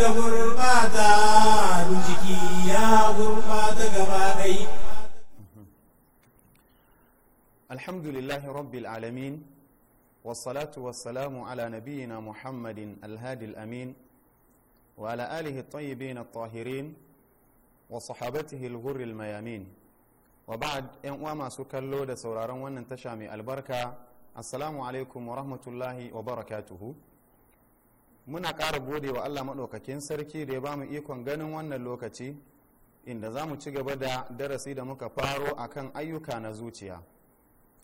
da gurbata jiki ya gurbata gaba ɗai alhamdulillahi rabbil alamin wasalatu wasalamu ala nabiyina muhammadin alhadi al'amin wa ala alihi tayyibin at-tahirin wa sahabatihi al-ghurri al-mayamin wa ba'ad yan uwa masu kallo da sauraron wannan tasha mai albarka assalamu alaikum wa rahmatullahi wa barakatuhu muna ƙara gode wa allah maɗaukakin sarki da ya bamu ikon ganin wannan lokaci inda za mu ci gaba da darasi da muka faro akan ayyuka na zuciya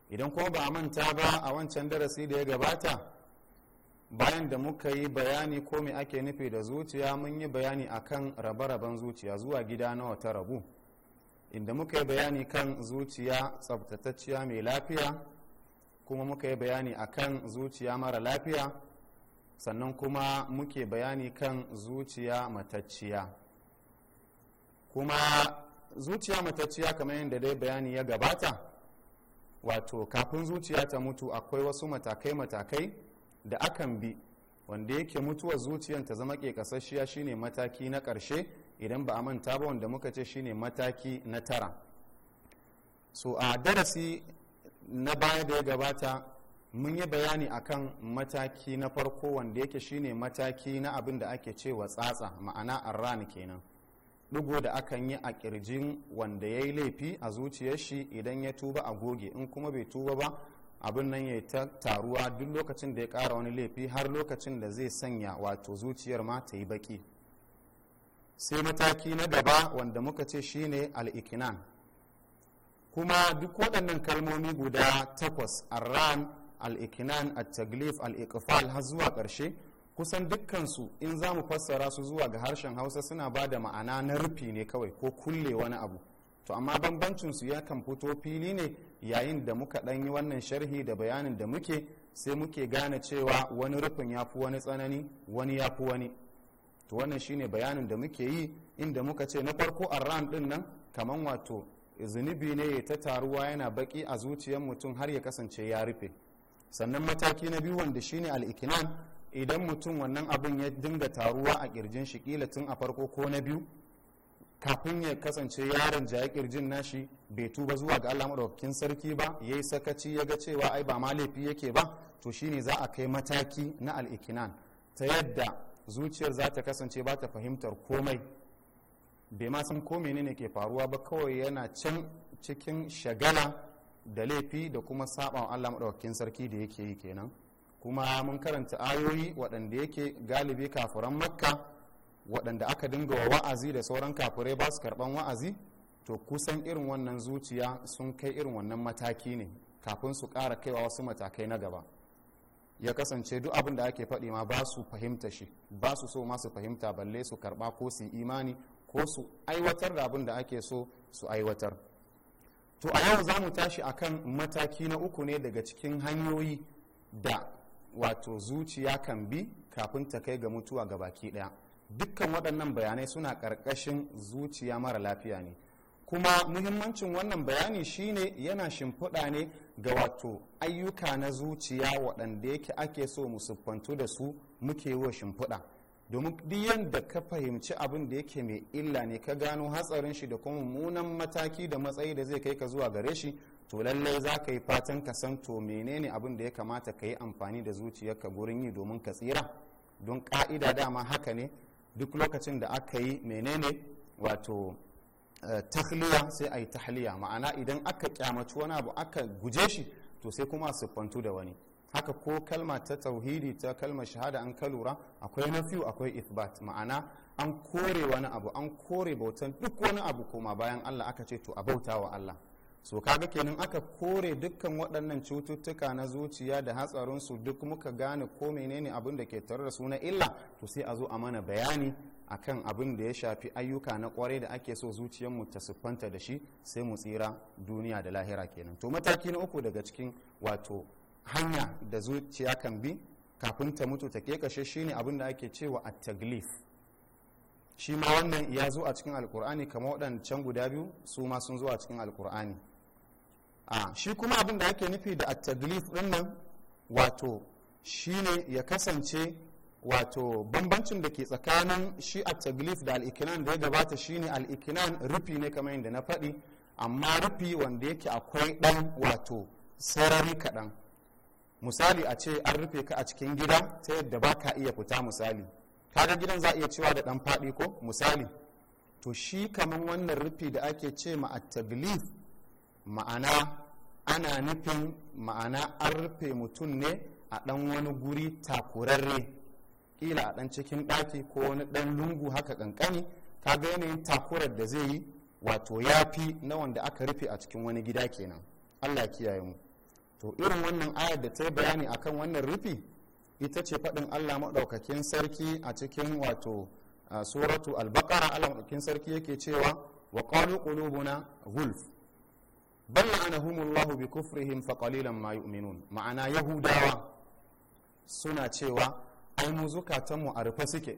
idan kuma ba a manta ba a wancan darasi da ya gabata bayan da muka yi bayani ko me ake nufi da zuciya mun yi bayani a kan rabe-raben zuciya zuwa gida nawa ta rabu inda muka yi bayani kan zuciya tsabtatacciya mai lafiya kuma muka yi bayani a kan zuciya mara lafiya sannan kuma muke bayani kan zuciya matacciya kuma zuciya matacciya kamar yadda dai bayani ya gabata wato kafin zuciya ta mutu akwai wasu matakai-matakai da akan bi wanda yake mutuwar zuciyan ta zama ƙeƙasasshiya shine mataki na ƙarshe idan ba a manta ba wanda muka ce shine mataki na tara so a darasi na baya da ya gabata mun yi bayani a kan mataki na farko wanda yake shine mataki na abin da ake cewa tsatsa ma'ana arran kenan ɗigo da akan yi a ƙirjin wanda ya yi laifi a zuciyar shi idan ya tuba a goge in kuma bai tuba ba abin nan ya ta taruwa duk lokacin da ya ƙara wani laifi har lokacin da zai sanya wato zuciyar ma ta yi baki sai mataki na gaba wanda muka ce shine al'ikinan kuma duk waɗannan kalmomi guda takwas arran al a taglif al har zuwa ƙarshe kusan dukkansu in za mu fassara su zuwa ga harshen hausa suna ba da ma'ana na rufi ne kawai ko kulle wani abu to amma bambancinsu ya kan fito fili ne yayin da muka ɗan yi wannan sharhi da bayanin da muke sai muke gane cewa wani rufin ya fi wani tsanani wani ya fi wani to wannan shine bayanin da muke yi inda muka ce na farko arran ɗin nan kaman wato zunubi ne ya ta taruwa yana baki a zuciyar mutum har ya kasance ya rufe sannan mataki na biyu wanda shine al'ikinan idan mutum wannan abin ya dinga taruwa a kirjin shi kila tun a farko ko na biyu kafin ya kasance yaron jaya kirjin nashi bai tuba zuwa ga Allah madaukakin sarki ba ya yi sakaci ya ga cewa ai ba ma laifi yake ba to shine za a kai mataki na al'ikinan ta yadda zuciyar za ta kasance ba ta fahimtar komai bai ma san ko menene ke faruwa ba kawai yana can cikin shagala da laifi da kuma saɓa Allah maɗaukakin sarki da yake yi kenan kuma mun karanta ayoyi waɗanda yake galibi kafuran makka waɗanda aka dinga wa wa'azi da sauran kafurai ba su karɓan wa'azi to kusan irin wannan zuciya sun kai irin wannan mataki ne kafin su ƙara kaiwa wasu matakai na gaba ya kasance duk abin da ake faɗi ma ba su fahimta shi ba su so ma su fahimta balle su karɓa ko su imani ko su aiwatar da abin da ake so su aiwatar to a yau za mu tashi akan mataki na uku ne daga cikin hanyoyi da wato zuciya kan bi kafin ta kai ga mutuwa ga baki daya dukkan waɗannan bayanai suna ƙarƙashin zuciya mara lafiya ne kuma muhimmancin wannan bayani shine yana shimfiɗa ne ga wato ayyuka na zuciya waɗanda yake ake so mu siffantu da su muke yi wa shimfiɗa domin duk yadda ka fahimci abin da yake mai illa ne ka gano hatsarin shi da kuma mummunan mataki da matsayi da zai kai ka zuwa gare shi to lallai za ka yi fatan ka san to menene abin da ya kamata ka yi amfani da zuciyarka gurin yi domin ka tsira don ka'ida dama haka ne duk lokacin da aka yi menene wato eh, tahliya sai a yi tahliya ma'ana idan aka kyamaci wani abu aka guje shi to sai kuma siffantu da wani haka ko kalma ta tauhidi ta kalma shahada an kalura lura akwai nafiyu akwai ithbat ma'ana an kore wani abu an kore bautan duk wani abu koma bayan Allah aka ce to a bauta wa Allah so kaga kenan aka kore dukkan waɗannan cututtuka na zuciya da hatsarin su duk muka gane ko menene abin da ke tare da suna illa to sai a zo a mana bayani akan abin da ya shafi ayyuka na kwarai da ake so mu ta siffanta da shi sai mu tsira duniya da lahira kenan to mataki na uku daga cikin wato hanya da zuciya kan bi kafin ta mutu ta kekashe shine abin da ake cewa a taglif shi ma wannan ya zo a cikin alkur'ani kamar waɗancan guda biyu su ma sun zo a cikin alkur'ani a shi kuma abin da ake nufi da a taglif nan wato shine ya kasance wato bambancin da ke tsakanin shi a taglif da alikinan da ya gabata shine ne rufi ne kamar yadda na faɗi amma rufi wanda yake akwai ɗan wato sarari kaɗan misali a ce an rufe ka a cikin gida ta yadda ba ka iya fita misali kaga gidan za a iya cewa da dan faɗi ko misali to shi kamar wannan rufi da ake ce ma a taglif ma'ana ana nufin ma'ana an rufe mutum ne a dan wani guri takurarre kila a dan cikin ɗaki ko wani dan lungu haka kankani kaga yanayin takurar da zai yi wato yafi na wanda aka rufe a cikin wani gida kenan allah kiyaye mu to irin wannan ayar da ta yi bayani akan wannan rufi ita ce faɗin allah maɗaukakin sarki a cikin wato suratu albakara allah maɗaukakin sarki yake cewa wa qalu qulubuna gulf ana humullahu bi kufrihim fa qalilan ma ma'ana yahudawa suna cewa ai mu zukatanmu a rufe suke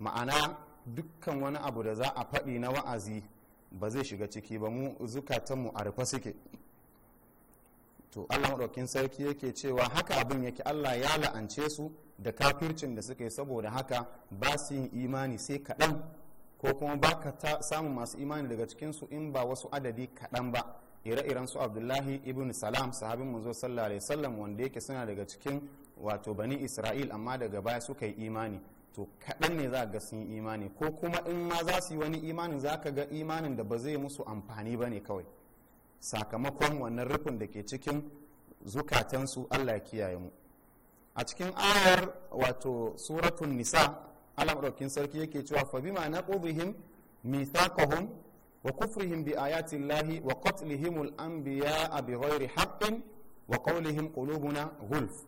ma'ana dukkan wani abu da za a faɗi na wa'azi ba zai shiga ciki ba mu zukatanmu a rufe suke to allah maɗaukin sarki yake cewa haka abin yake allah ya la'ance su da kafircin da suka yi saboda haka ba su yin imani sai kaɗan ko kuma ba ka samun masu imani daga cikinsu in ba wasu adadi kaɗan ba ire-iren su abdullahi ibn salam sahabin manzo sallallahu alaihi wasallam wanda yake suna daga cikin wato bani isra'il amma daga baya suka yi imani to kaɗan ne za ga sun yi imani ko kuma in ma za su yi wani imanin za ka ga imanin da ba zai musu amfani ba ne kawai sakamakon wannan rufin da ke cikin zukatansu allah ya kiyaye mu a cikin ayar wato suratun nisa allah sarki yake cewa fa bima naqudhihim mithaqahum wa kufrihim bi ayati llahi wa qatlihim al anbiya bi ghairi haqqin wa qawlihim qulubuna gulf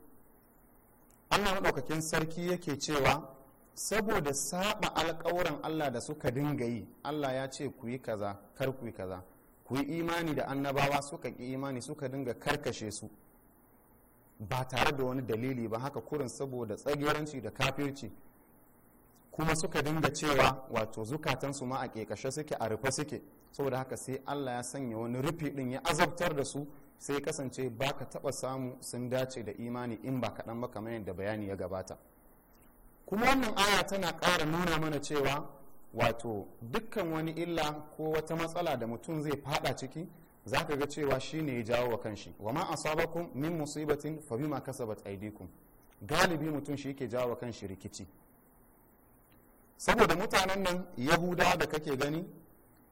allah maɗaukakin sarki yake cewa saboda saba alƙawuran allah da suka dinga yi allah ya ce ku yi kaza kar ku yi kaza ku yi imani da annabawa suka ƙi imani suka dinga karkashe su ba tare da wani dalili ba haka kurin saboda tsagiranci da kafirci kuma suka dinga cewa wato zukatansu ma a ƙeƙashe suke a rufe suke saboda haka sai allah ya sanya wani rufi din ya azabtar da su sai kasance baka taba samu sun dace da imani in ba kaɗan ba kamar yadda bayani ya gabata kuma wannan aya tana ƙara nuna mana cewa wato dukkan wani illa ko wata matsala da mutum zai fada ciki zaka ga cewa shine ya jawo wa kanshi wa ma asabakum min musibatin fa bima kasabat aydikum galibi mutum shi yake jawo wa kanshi rikici saboda mutanen nan yahuda da kake gani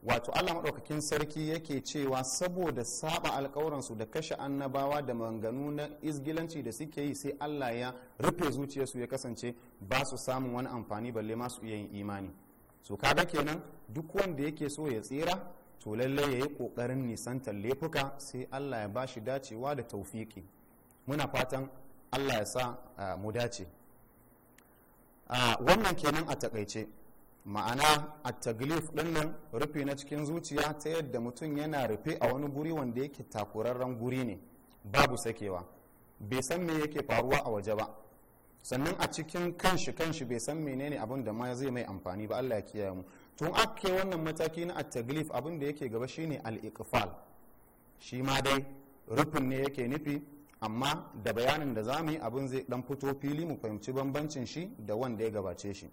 wato allah maɗaukakin sarki yake cewa saboda saba alkawuransu da kashe annabawa da manganu na izgilanci da suke yi sai allah ya rufe zuciyarsu ya kasance ba su samun wani amfani balle masu iya yin imani so kaga kenan duk wanda yake so ya tsira to lalle ya yi kokarin nisantar laifuka sai allah ya bashi dacewa da taufiki muna fatan allah ya sa mu dace wannan kenan a takaice ma'ana a taglif nan rufe na cikin zuciya ta yadda mutum yana rufe a wani guri wanda yake takurarren guri ne babu sakewa bai san me yake faruwa a waje ba sannan a cikin kanshi kanshi bai san menene abin da ma zai mai amfani ba Allah ya kiyaye mu tun ake wannan mataki na at-taglif abin da yake gaba shine al-iqfal shi ma dai rufin ne yake nufi amma da bayanin da zamu yi abin zai dan fito fili mu fahimci bambancin shi da wanda ya gabace shi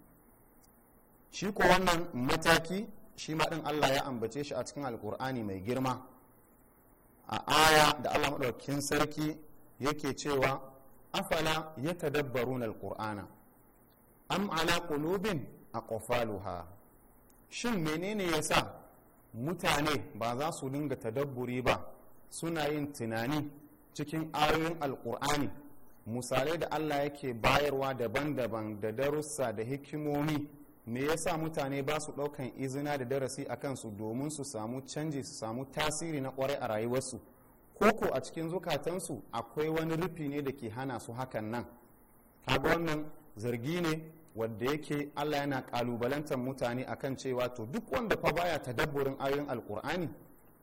shi ko wannan mataki shi ma din Allah ya ambace shi a cikin alkur'ani mai girma a aya da Allah madaukakin sarki yake cewa afala ya tadabbaru na alƙur'ana am ala a aqfaluha shin menene ya sa mutane ba za su dinga tadabburi ba suna yin tunani cikin ayoyin alƙur'ani misalai da allah yake bayarwa daban-daban da darussa da hikimomi me ya sa mutane ba su ɗaukan izina da darasi a kansu domin su samu canji su samu tasiri na ƙwarai a rayuwarsu koko a cikin zukatansu akwai wani rufi ne da ke hana su hakan nan kaga wannan zargi ne wanda yake allah yana kalubalantar mutane akan cewa to duk wanda fa baya tadabburin ayoyin alkur'ani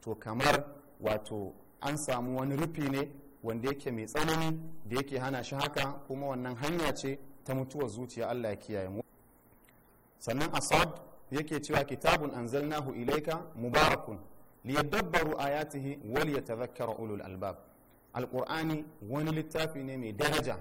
to kamar wato an samu wani rufi ne wanda yake mai tsanani da yake hana shi haka kuma wannan hanya ce ta mutuwar zuciya allah ya kiyaye mu sannan asad yake cewa kitabun anzalnahu ilaika mubarakun liyadabbaru ayatihi wal yatadhakkara ulul albab alqur'ani wani littafi ne mai daraja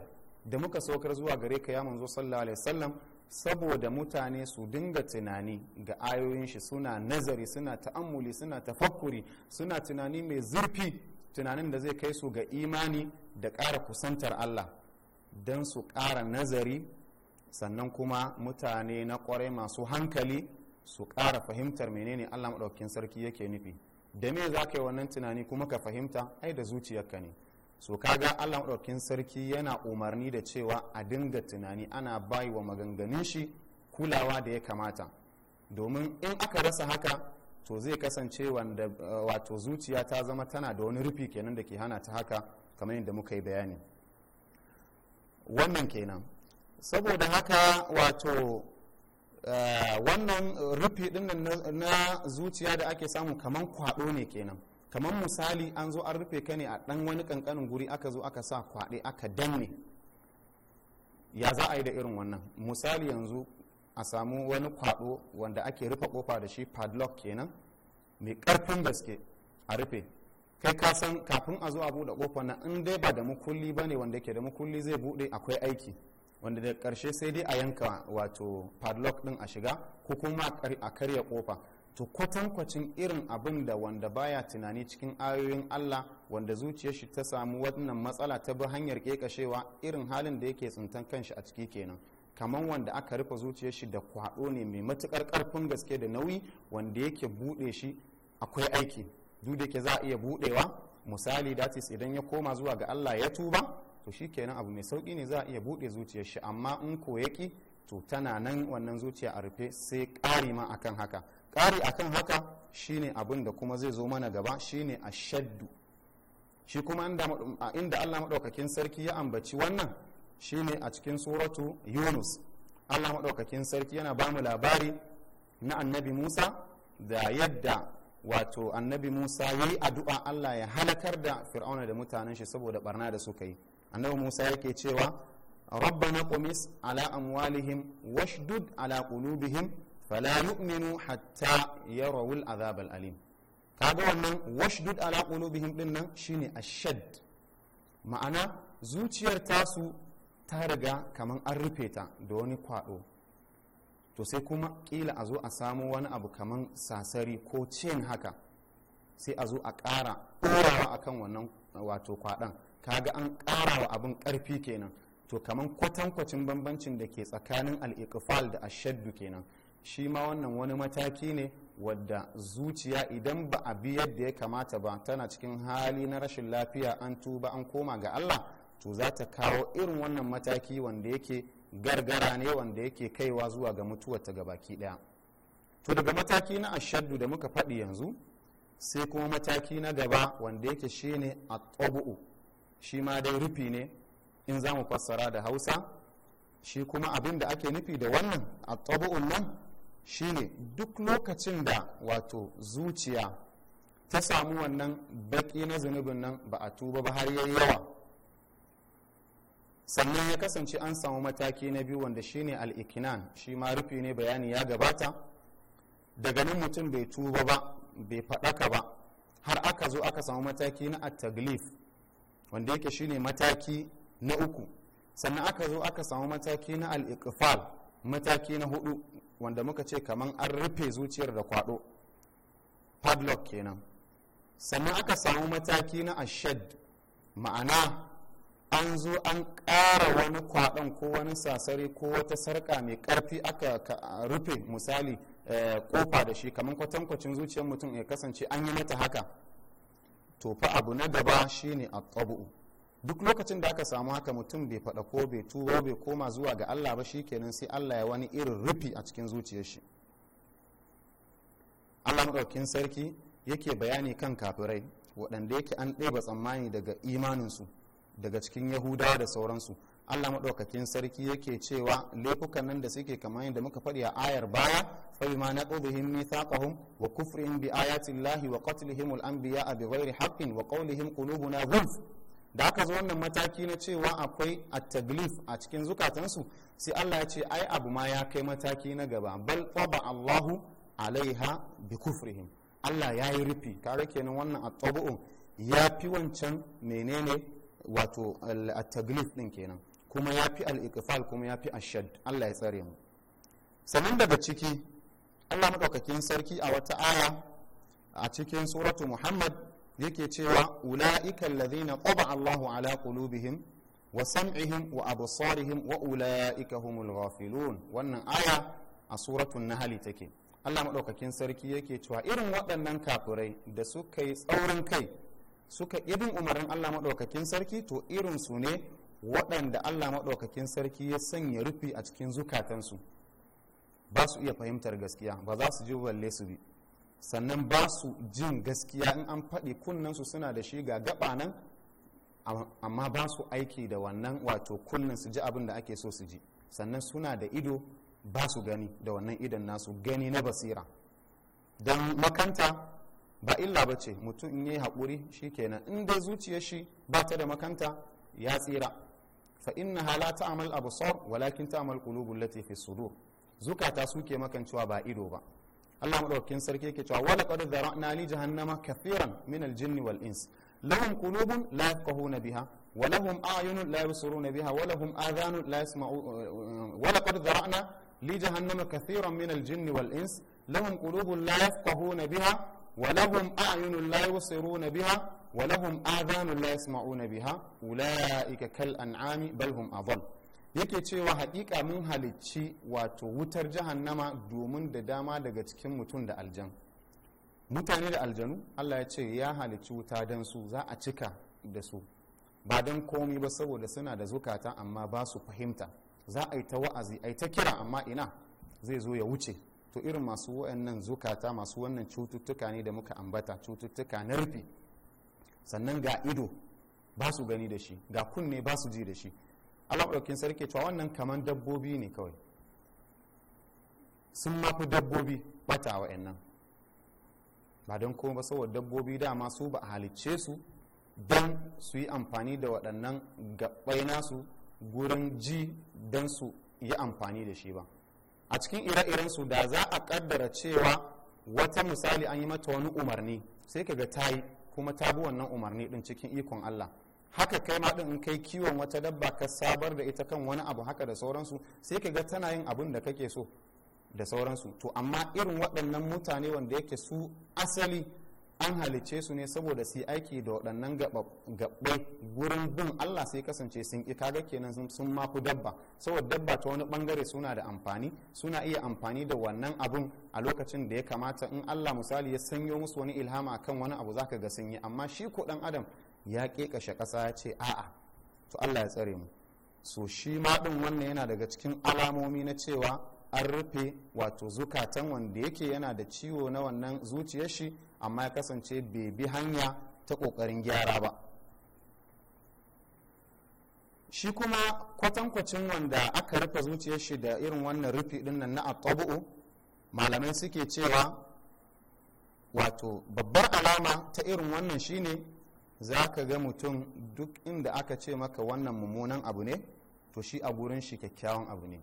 da muka saukar zuwa gare ka ya manzo sallallahu alaihi wasallam saboda mutane su dinga tunani ga ayoyin shi suna nazari suna ta'ammuli suna tafakkuri suna tunani mai zurfi tunanin da zai kai su ga imani da ƙara kusantar Allah don su ƙara nazari sannan kuma mutane na ƙwarai masu hankali su ƙara fahimtar menene Allah maɗaukin sarki yake nufi da me za ka yi wannan tunani kuma ka fahimta ai da zuciyarka ne so ga allah maɗaukin sarki yana umarni da cewa a dinga tunani ana bayi wa maganganun shi kulawa da ya kamata domin in aka rasa haka to zai kasance wanda eh, wato zuciya ta zama tana da wani rufi kenan da ke hana ta haka kamar yadda muka yi bayani wannan kenan saboda haka wato Eh, wannan rufe nan na zuciya da ake samu kaman kwado ne kenan kaman misali an zo an rufe ka ne a dan wani kankanin guri aka zo aka sa kwade aka danne ya za a yi da irin wannan misali yanzu a samu wani kwado wanda ake rufe kofa da shi padlock kenan mai karfin gaske a rufe kai ka san kafin a zo a buɗe kofa na in dai ba da mukulli ba wanda ke da mukulli zai buɗe akwai aiki wanda daga karshe sai dai a yanka wato padlock din a shiga ko kuma a karya kofa to kwatankwacin irin abin da wanda baya tunani cikin ayoyin Allah wanda zuciyar shi ta samu wannan matsala ta bi hanyar kekashewa irin halin da yake tsintan kanshi a ciki kenan kamar wanda aka rufe zuciyar shi da kwado ne mai matukar karfin gaske da nauyi wanda yake bude shi akwai aiki duk da ke za a iya budewa misali datis idan ya koma zuwa ga Allah ya tuba to shi kenan abu mai sauki ne za a iya buɗe zuciyar shi amma in ko yaki to tana nan wannan zuciya a rufe sai ƙari ma akan haka ƙari akan haka shine abin da kuma zai zo mana gaba shine shaddu shi kuma inda Allah maɗaukakin sarki ya ambaci wannan shine a cikin suratu yunus Allah maɗaukakin sarki yana bamu labari na annabi musa da yadda wato annabi musa ya yi addu'a allah ya halakar da fir'auna da mutanen shi saboda barna da suka yi annabi musa yake cewa rabbana qumis ala amwalihim washdud ala qulubihim fala yu'minu hatta yarawul azab alim kaga wannan washdud ala qulubihim din nan shine ashad ma'ana zuciyar tasu ta riga kaman an rufe ta da wani kwado to sai kuma kila a zo a samo wani abu kaman sasari ko cin haka sai a zo a ƙara ɗorawa akan wannan wato kwaɗan ka ga an ƙara wa abin ƙarfi kenan to kamar kwatankwacin bambancin da ke tsakanin al'iƙifal da ashaddu kenan shi ma wannan wani mataki ne wadda zuciya idan ba a bi yadda ya kamata ba tana cikin hali na rashin lafiya an tuba an koma ga allah to za ta kawo irin wannan mataki wanda yake gargara ne wanda yake kaiwa zuwa ga mutuwar ta baki daya to daga mataki na ashaddu da muka faɗi yanzu sai kuma mataki na gaba wanda yake shine a tsobu'u shi ma dai rufi ne in za mu fassara da hausa shi kuma abin da ake nufi da wannan a tabu'un nan shine duk lokacin da wato zuciya ta samu wannan baki na zunubin nan ba a tuba ba har yayi yawa sannan ya kasance an samu mataki na biyu wanda shine al'ikinan shi ma rufi ne bayani ya gabata daga nan mutum bai tuba ba bai faɗaka ba har aka zo aka samu mataki na at wanda yake shine mataki na uku sannan aka zo aka samu mataki na al mataki na hudu wanda muka ce kaman an rufe zuciyar da kwado padlock kenan sannan aka samu mataki na ashad ma'ana an zo an ƙara wani kwaɗon ko wani sasari ko wata sarƙa mai ƙarfi aka rufe misali kofa eh, da shi kamar kwatankwacin zuciyar mutum ya kasance an yi mata haka to fa abu na gaba shine a tabu duk lokacin da aka samu haka mutum bai faɗa ko bai tuba bai koma zuwa ga Allah ba shikenan sai Allah ya wani irin rufi a cikin zuciyar shi Allah madaukin sarki yake bayani kan kafirai waɗanda yake an ɗeba tsammani daga imaninsu daga cikin yahudawa da sauransu allah maɗaukakin sarki yake cewa laifukan nan da suke kamar yadda muka faɗi a ayar baya fai ma na ƙuduhin mithaqahum wa kufrihim bi ayatin lahi wa qatlihim al-anbiya bi ghairi haqqin wa qawlihim qulubuna ghulf da aka zo wannan mataki na cewa akwai at-taglif a cikin zukatansu sai Allah ya ce ai abu ma ya kai mataki na gaba bal taba Allahu alaiha bi kufrihim Allah ya yi rufi kare kenan wannan at ya fi wancan menene wato at-taglif din kenan kuma ya fi al'iƙifal kuma ya fi ashad allah ya tsare mu sannan daga ciki allah maɗaukakin sarki a wata aya a cikin suratu muhammad yake cewa ula'ika alladhina qaba allahu ala qulubihim wa sam'ihim wa absarihim wa ula'ika humul ghafilun wannan aya a suratun nahali take allah maɗaukakin sarki yake cewa irin waɗannan kafirai da suka yi tsaurin kai suka irin umarnin allah maɗaukakin sarki to irin su ne waɗanda allah maɗaukakin sarki ya sanya rufi a cikin zukatansu ba su iya fahimtar gaskiya ba za su ji balle su bi sannan ba su jin gaskiya in an faɗi kunnensu suna da shi ga gaba nan amma ba su aiki da wannan wato kunnen su ji abin da ake so su ji sannan suna da ido ba su gani da wannan idan nasu gani na basira don makanta ba illa ba ce mutum in yi haƙuri shi kenan in dai zuciyar shi ba ta da makanta ya tsira fa innaha la ta'mal absar walakin ta'mal qulubul lati fi sudur zukata suke makancewa ba ido ba Allah madaukakin sarki yake cewa wala qad dhara'na li jahannama kathiran min al-jinn wal ins lahum qulubun la yafqahuna biha wa lahum a'yunun la yabsiruna biha wa lahum li jahannama kathiran min al-jinn wal ins walahum adhanun la yasma'una biha ulaika kal an'ami bal hum yake cewa haƙiƙa mun halicci wato wutar jahannama domin da dama daga cikin mutum da aljan mutane da aljanu Allah ya ce ya halicci wuta don su za a cika da su ba don komi ba saboda suna da zukata amma ba su fahimta za a yi ta wa'azi a yi ta kira amma ina zai zo ya wuce to irin masu wa'annan zukata masu wannan cututtuka ne da muka ambata cututtuka na rufe. sannan ga ido ba su gani da shi ga kunne ba su ji da shi Allah ɗaukin sarki cewa wannan kaman dabbobi ne kawai sun mafi dabbobi bata wa nan ba don kuma ba saboda dabbobi dama su ba a halicce su don su yi amfani da waɗannan gaɓɓai nasu gurin ji don su yi amfani da shi ba a cikin ire-iren su da za a ƙaddara cewa wata misali an yi mata wani umarni sai ka ga ta yi kuma ta bi wannan umarni din cikin ikon Allah haka kai ma din in kai kiwon wata dabba ka sabar da ita kan wani abu haka da sauransu sai ka ga tana yin abun da kake so da sauransu to amma irin waɗannan mutane wanda yake su asali an halicce su ne saboda su yi aiki da waɗannan gaɓɓe gurin bin Allah sai kasance sun ƙi kaga kenan sun maku dabba saboda dabba ta wani ɓangare suna da amfani suna iya amfani da wannan abun a lokacin da ya kamata in Allah misali ya sanyo musu wani ilhama kan wani abu zaka ga sun yi amma shi ko ɗan adam ya kashe ƙasa ya ce a'a to Allah ya tsare mu so shi ma ɗin wannan yana daga cikin alamomi na cewa an rufe wato zukatan wanda yake yana da ciwo na wannan zuciyar shi amma ya kasance bai bi hanya ta kokarin gyara ba shi kuma kwatankwacin wanda aka rufe zuciyar shi da irin wannan rufi dinnan na atabu'u malamai suke cewa wato babbar alama ta irin wannan shine za ka ga mutum duk inda aka ce maka wannan mummunan abu ne to shi a gurin shi kyakkyawan abu ne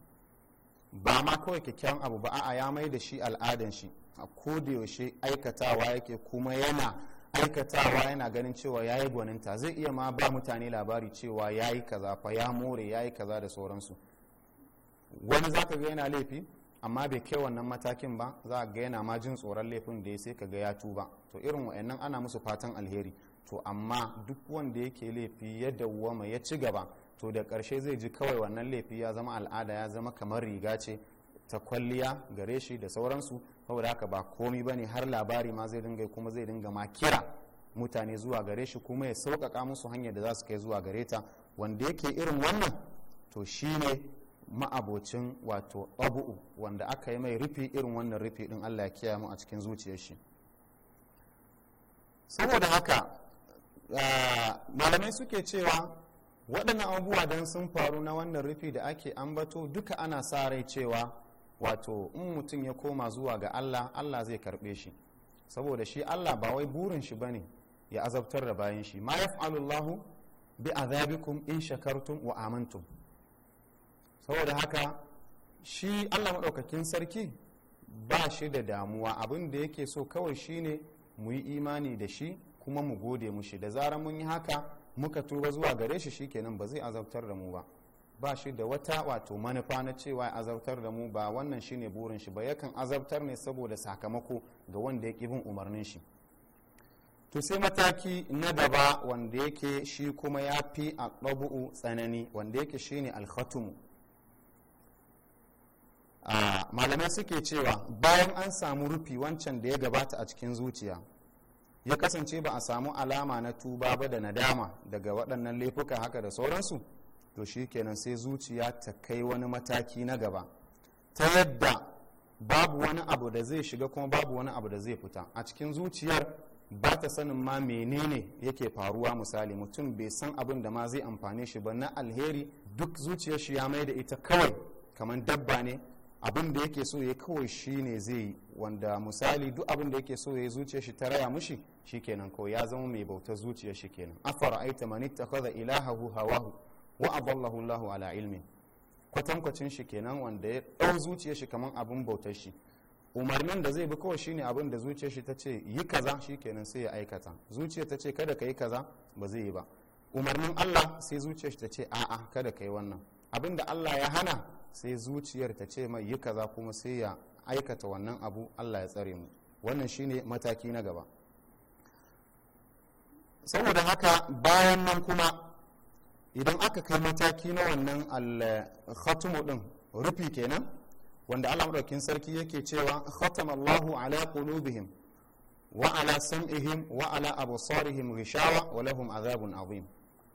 ba ma kawai kyakkyawan abu ba a'a ya mai da shi al'adan shi a yaushe aikatawa yake kuma yana aikatawa yana ganin cewa ya yi gwaninta zai iya ma ba mutane labari cewa ya yi kaza fa ya more ya yi kaza da sauransu wani za ka ga yana laifi amma bai kai wannan matakin ba za ga yana ma jin tsoron laifin da ya sai ka ga ya tuba to irin wa'annan ana musu fatan alheri to amma duk wanda yake laifi ya dawwama ya ci gaba to da ƙarshe zai ji kawai wannan laifi ya zama al'ada ya zama kamar riga ce ta kwalliya gare shi da sauransu saboda haka ba komi bane har labari ma zai dinga kuma zai dinga ma kira mutane zuwa gare shi kuma ya sauƙaƙa musu hanyar da za su kai zuwa gare ta wanda yake irin wannan to shine ma'abocin wato abu'u wanda aka yi mai rufi irin wannan rufi din Allah ya kiyaye mu a cikin zuciyar shi saboda haka malamai suke cewa waɗannan abubuwa don sun faru na wannan rufi da ake ambato duka ana sa rai cewa wato in mutum ya koma zuwa ga allah allah zai karbe shi saboda shi allah ba wai burin shi bane ya azabtar da bayan shi ma yaf'alullahu bi azabikum in shakartum wa amantum saboda haka shi allah maɗaukakin sarki ba shi da damuwa abin da yake so kawai shine mu yi imani da shi kuma mu gode mushi da zarar mun yi haka muka tuba zuwa gare shi shi shikenan ba zai azabtar da mu ba ba shi da wata wato manufa na cewa ya azabtar da mu ba wannan shine burin shi ba yakan azabtar ne saboda sakamako ga wanda ya bin umarnin shi to sai mataki na gaba wanda yake shi kuma ya fi a tsanani wanda yake shine a malamai suke cewa bayan an samu rufi wancan da ya gabata a cikin zuciya ya kasance ba a samu alama na tuba ba da nadama daga waɗannan laifuka haka da sauransu to shi kenan sai zuciya ta kai wani mataki na gaba ta yadda babu wani abu da zai shiga kuma babu wani abu da zai fita a cikin zuciyar ba ta sanin ma menene yake faruwa misali mutum bai san abin da ma zai amfane shi ba na alheri duk zuciyar shi ya mai da ita kawai kamar dabba ne abin da yake so ya kawai shi ne zai yi wanda misali duk abin da yake so ya zuciyar shi ta raya mushi shikenan kawai ya zama mai bautar zuciyar shi kenan afara aita man ittakhadha ilahahu hawahu wa aballahu Allahu ala ilmi kwatankwacin shi kenan wanda ya ɗau zuciyar shi kamar abin bautar shi umarnin da zai bi kawai shine abin da zuciyar shi ta ce yi kaza shi kenan sai ya aikata zuciyar ta ce kada ka yi kaza ba zai yi ba umarnin Allah sai zuciyar shi ta ce a'a kada ka yi wannan abin da Allah ya hana sai zuciyar ta ce mai yi kaza kuma sai ya aikata wannan abu Allah ya tsare mu wannan shine mataki na gaba saboda haka bayan nan kuma idan aka kai mataki na wannan al-khatmu din rufi kenan wanda Allah madaukakin sarki yake cewa khatama Allahu ala qulubihim wa ala sam'ihim wa ala absarihim ghishawa wa lahum azabun azim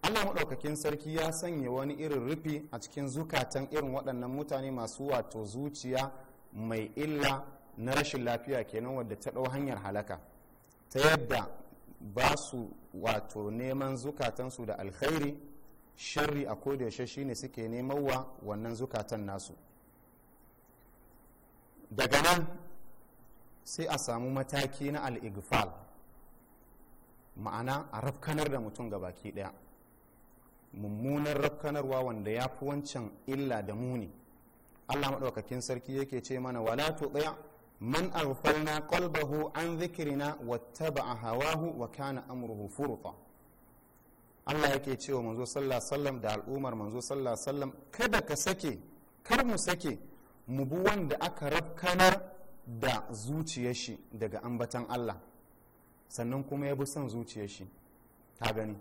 Allah madaukakin sarki ya sanya wani irin rufi a cikin zukatan irin waɗannan mutane masu wato zuciya mai illa na rashin lafiya kenan wadda ta ɗau hanyar halaka ta yadda ba su wato neman zukatansu da alkhairi sharri a shi shine suke neman wa wannan zukatan nasu daga nan sai a samu mataki na al'igfal ma'ana a rafkanar da mutum ga baki daya mummunan rafkanarwa wanda ya fi wancan illa da muni allah maɗaukakin sarki yake ce mana wala to ɗaya man arfalna qalbahu an wata ba a hawahu wa kana amruhu furta Allah yake cewa manzo sallallahu alaihi wasallam da al'ummar manzo sallallahu alaihi wasallam kada ka sake kar mu sake mu bi wanda aka rafkanar da zuciyar shi daga ambatan Allah sannan kuma ya bi son zuciyar shi ta gani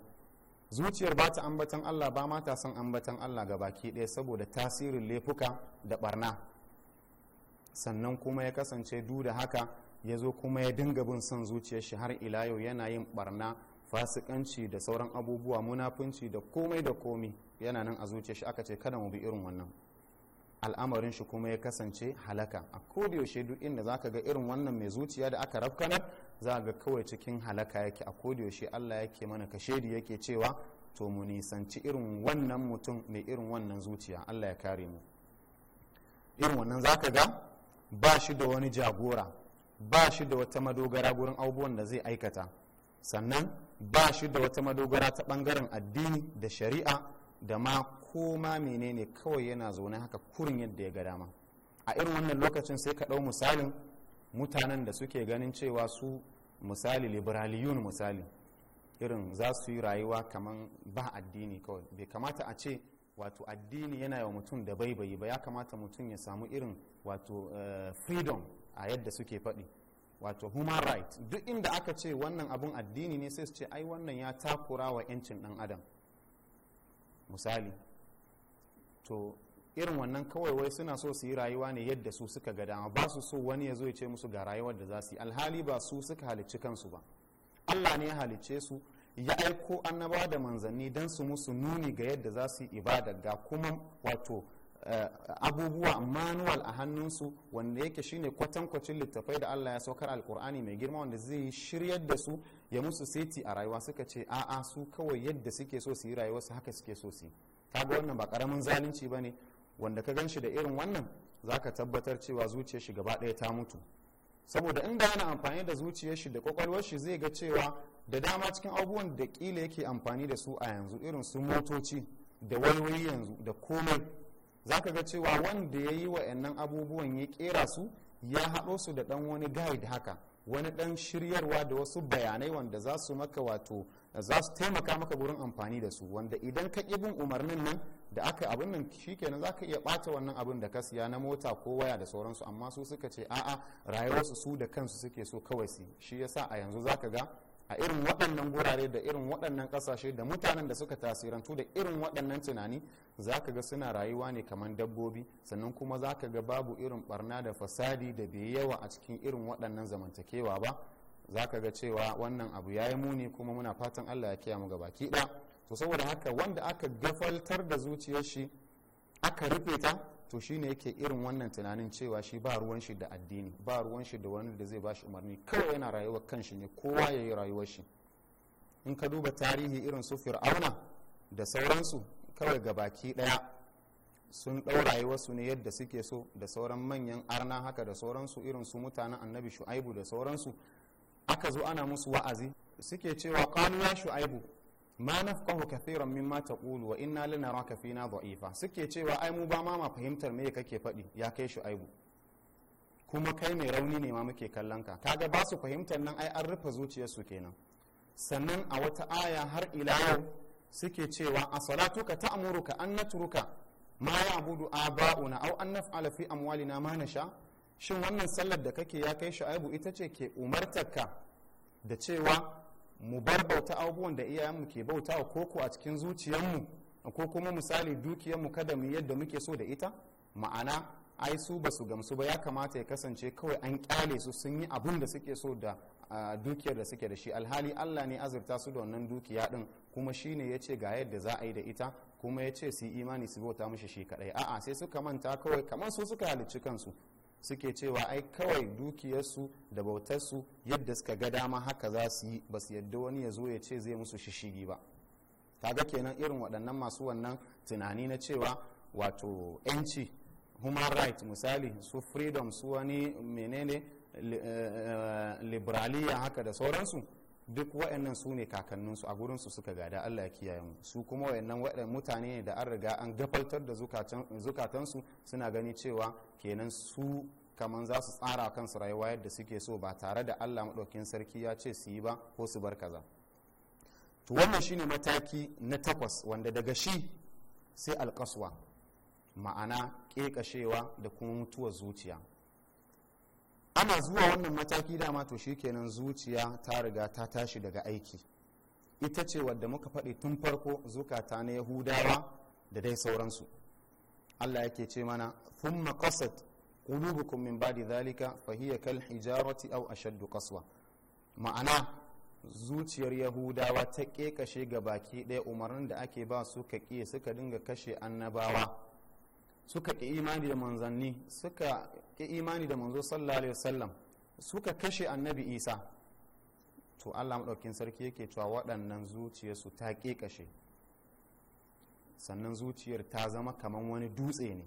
zuciyar ba ta ambatan Allah ba ma ta son ambatan Allah ga baki ɗaya saboda tasirin laifuka da barna sannan kuma ya kasance duk da haka ya zo kuma ya dinga bin son zuciyar shi har ila yau yana yin barna fasikanci da sauran abubuwa munafunci da komai da komai yana nan a zuciya shi aka ce kada mu bi irin wannan al'amarin shi kuma ya kasance halaka a yaushe duk inda zaka ga irin wannan mai zuciya da aka rafkana za ga kawai cikin halaka yake a yaushe Allah yake mana kashe kashedi yake cewa to mu nisanci irin wannan mutum mai irin wannan zuciya Allah ya kare mu irin wannan zaka ga ba shi da wani jagora ba shi da wata madogara gurin abubuwan da zai aikata sannan ba shi da wata madogara ta bangaren addini da shari'a da ma koma menene kawai yana zaune haka kurin yadda ya ga dama a irin wannan lokacin sai ka ɗau misalin mutanen da suke ganin cewa su misali liberaliyun misali irin za su yi rayuwa kamar ba addini kawai bai kamata a ce wato addini yana yawa mutum da bai baibayi ba ya kamata mutum ya samu irin wato eh, freedom a yadda suke faɗi wato human right duk inda aka ce wannan abun addini ne sai su ce ai wannan ya takura wa 'yancin dan adam misali to irin wannan kawai wai suna so su yi rayuwa ne yadda su suka ga dama ba su so wani ya zo ya ce musu ga rayuwar da za su yi alhali ba su suka halicci kansu ba allah ne ya halicce su ya aiko annabawa da manzanni don su musu nuni ga yadda za su yi ibada ga kuma wato Eh, abubuwa manual a hannunsu wanda yake shine kwatankwacin littafai da Allah ya saukar alkur'ani mai girma wanda zai shiryar da su ya musu saiti a rayuwa suka ce a'a su kawai yadda suke so su yi su haka suke so su yi kaga wannan ba karamin zalunci ba ne wanda ka ganshi da irin wannan zaka tabbatar cewa zuciyar shi gaba ɗaya ta mutu saboda in ba yana amfani da zuciyar shi da kwakwalwar shi zai ga cewa da dama cikin abubuwan da kila yake amfani da su a yanzu irin su motoci da wayoyi yanzu da komai za ka ga cewa wanda ya yi wa'annan abubuwan ya kera su ya haɗo su da ɗan wani guide haka wani ɗan shiryarwa da wasu bayanai wanda za su maka wato za su taimaka maka gurin amfani da su wanda idan ka ƙi bin umarnin nan da aka abin nan shikenan za ka iya ɓata wannan abin da ka siya na mota ko waya da sauransu amma su suka ce a'a rayuwarsu su da kansu suke so kawai su shi yasa a yanzu za ka ga a irin waɗannan gurare da irin waɗannan ƙasashe da mutanen da suka tasirantu da irin waɗannan tunani za ka ga suna rayuwa ne kamar dabbobi sannan kuma za ka ga babu irin barna da fasadi da bai yawa a cikin irin waɗannan zamantakewa ba za ka ga cewa wannan abu ya yi muni kuma muna fatan allah ya kiyamu ga baki ɗaya to saboda haka wanda aka gafaltar da zuciyar shi aka rufe ta to shine yake irin wannan tunanin cewa shi ba ruwan shi da addini ba ruwan shi da wani da zai ba shi umarni kawai yana rayuwar shi ne kowa ya yi rayuwar shi in ka duba tarihi irin su fir'auna da sauransu kawai ga baki daya sun ɗau rayuwarsu ne yadda suke so da sauran manyan arna haka da sauransu irin su mutanen annabi shu'aibu da sauransu aka zo ana musu wa'azi suke cewa qalu shu'aibu ma nafqahu kathiran mimma taqulu wa inna lanaraka fina dha'ifa suke cewa ai mu ba ma ma fahimtar me kake faɗi ya kai shu'aibu kuma kai mai rauni ne ma muke kallon ka kaga ba su fahimtar nan ai an rufe zuciyarsu kenan sannan a wata aya har ila yau suke cewa a salatuka ta'muruka an natruka ma ya'budu aba'una au an naf'ala fi amwalina ma nasha shin wannan sallar da kake ya kai shu'aibu ita ce ke umartarka da cewa mu bar bauta abubuwan da iyayenmu ke bauta ko ko a cikin zuciyarmu ko kuma misali dukiyarmu kada mu yadda muke so da ita ma'ana ai su ba su gamsu ba ya kamata ya kasance kawai an kyale su sun yi abun da suke so da dukiyar da suke da shi alhali allah ne azurta su da wannan dukiya din kuma shine ya ce ga yadda za a yi da ita kuma ya ce su imani su bauta mishi shi kadai a'a sai suka manta kawai kamar su suka halicci kansu suke cewa ai kawai dukiyarsu da bautarsu yadda suka ga dama haka za su yi ba su yadda wani ya zo ya ce zai musu shishigi ba ga kenan irin waɗannan masu wannan tunani na cewa wato 'yanci human right misali su freedom su wani menene eh, eh, liberaliya haka da sauransu duk waɗannan su ne kakanninsu a gurinsu suka gada allah ya kiyaye mu su kuma waɗannan waɗannan mutane ne da an riga an gafaltar da zukatansu suna gani cewa kenan su kaman za su tsara kansu rayuwa yadda suke so ba tare da allah maɗaukin sarki ya ce su yi ba ko su bar kaza to wannan shine mataki na takwas wanda daga shi sai alkaswa ma'ana ƙeƙashewa da kuma mutuwar zuciya ana zuwa wannan mataki dama to shikenan zuciya ta riga ta tashi daga aiki ita ce wadda muka faɗi tun farko zukata na yahudawa da dai sauransu allah yake ce mana thumma qasat qulubukum min ba'di dhalika fa hiya kal hijarati aw ashaddu qaswa ma'ana zuciyar yahudawa ta kekashe ga baki ɗaya umarnin da ake ba su ka suka dinga kashe annabawa suka ƙi imani da manzanni suka ke imani da manzo sallallahu alaihi wasallam suka kashe annabi isa to allah maɗaukin sarki yake cewa waɗannan zuciyarsu ta kashe sannan zuciyar ta zama kamar wani dutse ne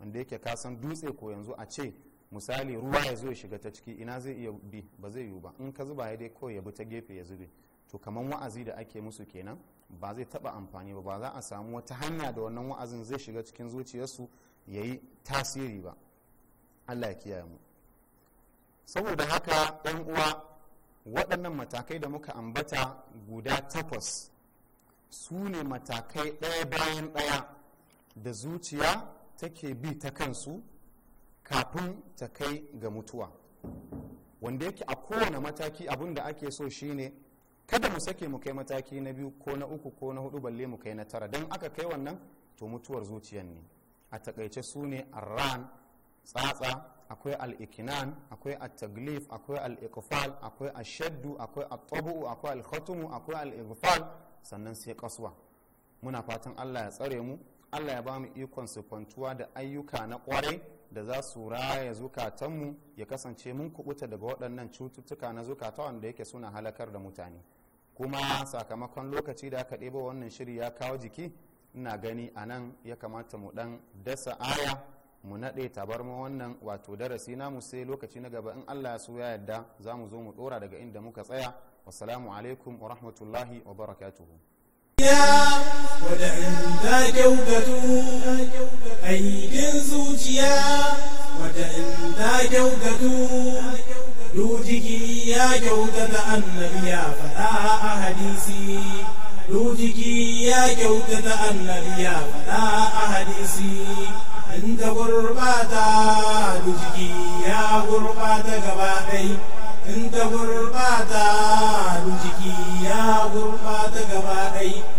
wanda yake kasan dutse ko yanzu a ce misali ruwa ya zo ya shiga ta ciki ina zai iya bi ba zai yiwu ba in ka zuba ya dai ko ya bi ta gefe ya zube to kamar wa'azi da ake musu kenan ba zai taba amfani ba ba za a samu wata hanya da wannan wa'azin zai shiga cikin zuciyarsu ya yi tasiri ba allah ya kiyaye mu saboda haka yan uwa waɗannan matakai da muka ambata guda takwas su ne matakai ɗaya bayan ɗaya da zuciya take bi ta kansu kafin ta kai ga mutuwa wanda yake a kowane mataki abin da ake so shine kada mu sake mu kai mataki na biyu ko na uku ko na hudu balle mu kai na tara don aka kai wannan to mutuwar zuciyan ne a takaice su ne arran tsatsa akwai al'ikinan akwai a taglif akwai al'ikufal akwai ashaddu akwai a tabuu akwai al akwai al'ikufal sannan sai kaswa muna fatan Allah ya tsare mu Allah ya ba mu ikon sufantuwa da ayyuka na kwarai da za su raya zukatanmu ya kasance mun kubuta daga waɗannan cututtuka na zukata wanda yake suna halakar da mutane kuma sakamakon lokaci da aka ɗebo wannan shiri ya kawo jiki ina gani a nan ya kamata mu ɗan dasa aya mu naɗe tabarma wannan wato darasi namu sai lokaci na gaba in allah su ya yarda za mu zo mu ɗora daga inda muka tsaya wasalamu alaikum wa rahmatullahi wa barakatuhu wadanda kyautatu aikin zuciya wadanda kyautatu dujiki ya kyautata annabi ya faɗa a hadisi dujiki ya kyautata annabi ya faɗa a hadisi ta gurbata da jiki ya gurbata gaba ɗai in ta gurbata da jiki ya gurbata gaba ɗai